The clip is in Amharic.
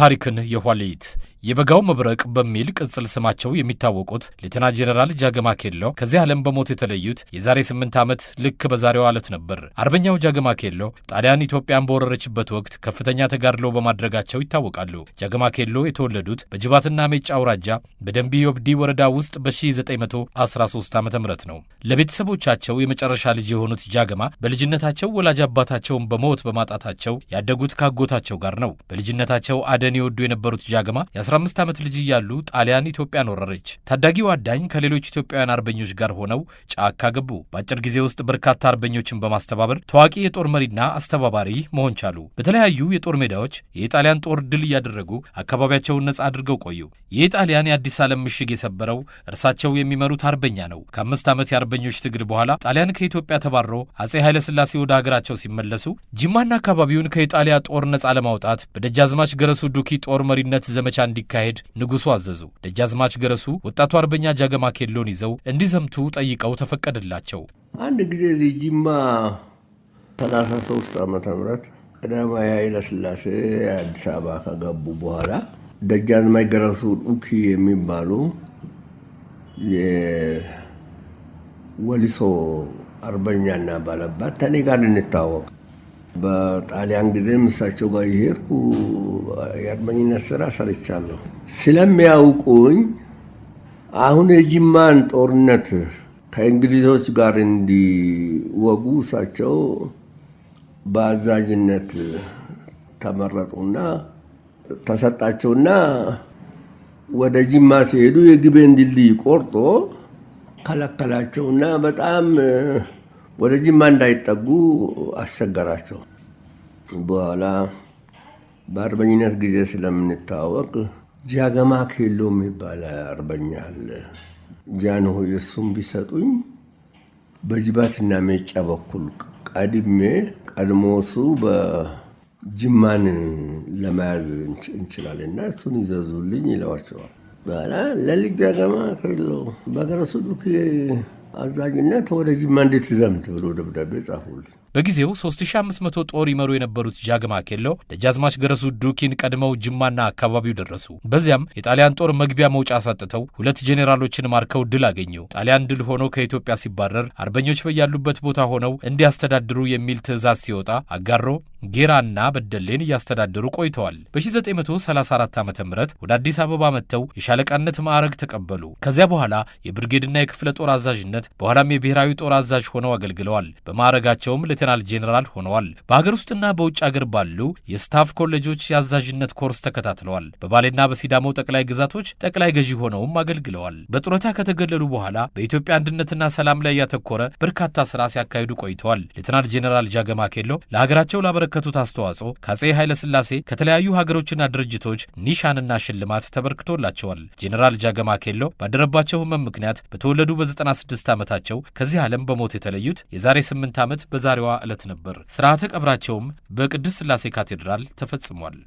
ታሪክን የኋሊት የበጋው መብረቅ በሚል ቅጽል ስማቸው የሚታወቁት ሌተና ጄኔራል ጃገማ ኬሎ ከዚህ ዓለም በሞት የተለዩት የዛሬ ስምንት ዓመት ልክ በዛሬው ዕለት ነበር። አርበኛው ጃገማ ኬሎ ጣሊያን ኢትዮጵያን በወረረችበት ወቅት ከፍተኛ ተጋድሎ በማድረጋቸው ይታወቃሉ። ጃገማ ኬሎ የተወለዱት በጅባትና ሜጫ አውራጃ በደንቢ ዮብዲ ወረዳ ውስጥ በ1913 ዓ ም ነው። ለቤተሰቦቻቸው የመጨረሻ ልጅ የሆኑት ጃገማ በልጅነታቸው ወላጅ አባታቸውን በሞት በማጣታቸው ያደጉት ካጎታቸው ጋር ነው። በልጅነታቸው አደን የወዱ የነበሩት ጃገማ 15 ዓመት ልጅ እያሉ ጣሊያን ኢትዮጵያን ወረረች። ታዳጊው አዳኝ ከሌሎች ኢትዮጵያውያን አርበኞች ጋር ሆነው ጫካ ገቡ። በአጭር ጊዜ ውስጥ በርካታ አርበኞችን በማስተባበር ታዋቂ የጦር መሪና አስተባባሪ መሆን ቻሉ። በተለያዩ የጦር ሜዳዎች የጣሊያን ጦር ድል እያደረጉ አካባቢያቸውን ነጻ አድርገው ቆዩ። የጣሊያን የአዲስ ዓለም ምሽግ የሰበረው እርሳቸው የሚመሩት አርበኛ ነው። ከአምስት ዓመት የአርበኞች ትግል በኋላ ጣሊያን ከኢትዮጵያ ተባሮ አጼ ኃይለሥላሴ ወደ ሀገራቸው ሲመለሱ ጅማና አካባቢውን ከኢጣሊያ ጦር ነጻ ለማውጣት በደጃዝማች ገረሱ ዱኪ ጦር መሪነት ዘመቻ እንዲ እንዲካሄድ ንጉሱ አዘዙ። ደጃዝማች ገረሱ ወጣቱ አርበኛ ጃገማ ኬሎን ይዘው እንዲዘምቱ ጠይቀው ተፈቀደላቸው። አንድ ጊዜ እዚህ ጅማ 33 ዓመተ ምህረት ቀዳማዊ ኃይለሥላሴ አዲስ አበባ ከገቡ በኋላ ደጃዝማች ገረሱ ዱኪ የሚባሉ የወሊሶ አርበኛና ባለባት ተኔ ጋር እንታወቅ በጣሊያን ጊዜም እሳቸው ጋር የሄድኩ የአድመኝነት ስራ ሰርቻለሁ። ስለሚያውቁኝ አሁን የጅማን ጦርነት ከእንግሊዞች ጋር እንዲወጉ እሳቸው በአዛዥነት ተመረጡና ተሰጣቸውና ወደ ጅማ ሲሄዱ የግቤን ድልድይ ቆርጦ ከለከላቸውና በጣም ወደ ጅማ እንዳይጠጉ አስቸገራቸው። በኋላ በአርበኝነት ጊዜ ስለምንታወቅ ጃገማ ኬሎ የሚባል አርበኛ አለ። ጃንሆ የእሱም ቢሰጡኝ በጅባትና ሜጫ በኩል ቀድሜ ቀድሞ እሱ በጅማን ለመያዝ እና እሱን ይዘዙልኝ ይለዋቸዋል። በኋላ ለልጅ ጃገማ ኬሎ በገረሱ አዛኝነት ወደ ጅማ እንዴት ዘምት ብሎ ደብዳቤ ጻፉልን። በጊዜው 3500 ጦር ይመሩ የነበሩት ጃግማ ኬሎ ደጃዝማች ገረሱ ዱኪን ቀድመው ጅማና አካባቢው ደረሱ። በዚያም የጣሊያን ጦር መግቢያ መውጫ አሳጥተው ሁለት ጄኔራሎችን ማርከው ድል አገኘው። ጣሊያን ድል ሆኖ ከኢትዮጵያ ሲባረር አርበኞች በያሉበት ቦታ ሆነው እንዲያስተዳድሩ የሚል ትዕዛዝ ሲወጣ አጋሮ ጌራና በደሌን እያስተዳደሩ ቆይተዋል። በ1934 ዓ ም ወደ አዲስ አበባ መጥተው የሻለቃነት ማዕረግ ተቀበሉ። ከዚያ በኋላ የብርጌድና የክፍለ ጦር አዛዥነት፣ በኋላም የብሔራዊ ጦር አዛዥ ሆነው አገልግለዋል። በማዕረጋቸውም ሌተናል ጄኔራል ሆነዋል። በሀገር ውስጥና በውጭ አገር ባሉ የስታፍ ኮሌጆች የአዛዥነት ኮርስ ተከታትለዋል። በባሌና በሲዳሞ ጠቅላይ ግዛቶች ጠቅላይ ገዢ ሆነውም አገልግለዋል። በጡረታ ከተገለሉ በኋላ በኢትዮጵያ አንድነትና ሰላም ላይ ያተኮረ በርካታ ስራ ሲያካሂዱ ቆይተዋል። ሌተናል ጄኔራል ጃገማ ኬሎ ለሀገራቸው ላበረ ላበረከቱት አስተዋጽኦ ከአጼ ኃይለሥላሴ ከተለያዩ ሀገሮችና ድርጅቶች ኒሻንና ሽልማት ተበርክቶላቸዋል። ጄኔራል ጃገማ ኬሎ ባደረባቸው ህመም ምክንያት በተወለዱ በ96 ዓመታቸው ከዚህ ዓለም በሞት የተለዩት የዛሬ 8 ዓመት በዛሬዋ ዕለት ነበር። ስርዓተ ቀብራቸውም በቅድስት ሥላሴ ካቴድራል ተፈጽሟል።